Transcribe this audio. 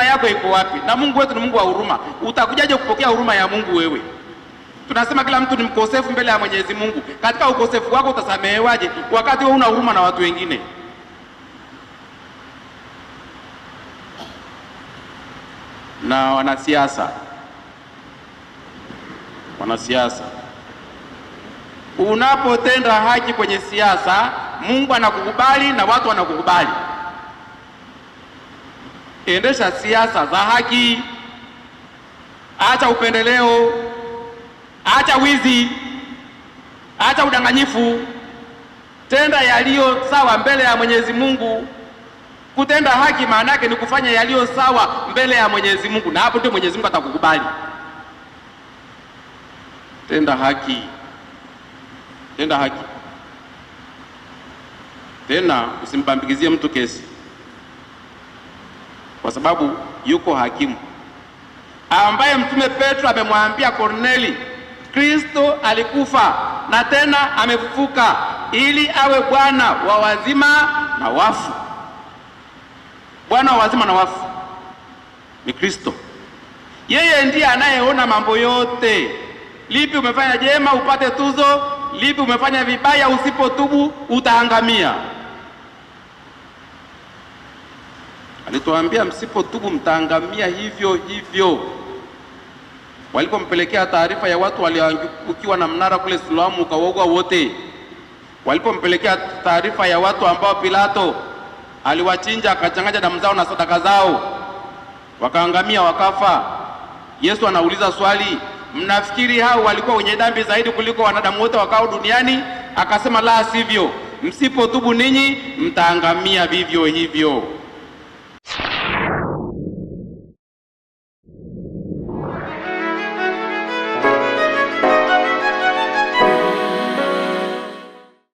huruma yako iko wapi? Na Mungu wetu ni Mungu wa huruma, utakujaje kupokea huruma ya Mungu wewe? Tunasema kila mtu ni mkosefu mbele ya Mwenyezi Mungu. Katika ukosefu wako utasamehewaje wakati wewe una huruma na watu wengine? Na wanasiasa, wanasiasa, unapotenda haki kwenye siasa, Mungu anakukubali na watu wanakukubali. Endesha siasa za haki, acha upendeleo, acha wizi, acha udanganyifu, tenda yaliyo sawa mbele ya Mwenyezi Mungu. Kutenda haki maana yake ni kufanya yaliyo sawa mbele ya Mwenyezi Mungu, na hapo ndio Mwenyezi Mungu atakukubali. Tenda haki, tenda haki, tena usimpambikizie mtu kesi kwa sababu yuko hakimu ambaye Mtume Petro amemwambia Korneli, Kristo alikufa na tena amefufuka ili awe Bwana wa wazima na wafu. Bwana wa wazima na wafu ni Kristo. Yeye ndiye anayeona mambo yote. Lipi umefanya jema upate tuzo, lipi umefanya vibaya, usipotubu utaangamia. alituambia msipotubu mtaangamia hivyo hivyo. Walipompelekea taarifa ya watu walioangukiwa na mnara kule Siloamu ukawaua wote, walipompelekea taarifa ya watu ambao Pilato aliwachinja akachanganya damu zao na sadaka zao, wakaangamia wakafa. Yesu anauliza swali, mnafikiri hao walikuwa wenye dhambi zaidi kuliko wanadamu wote wakao duniani? Akasema la sivyo, msipotubu ninyi mtaangamia vivyo hivyo.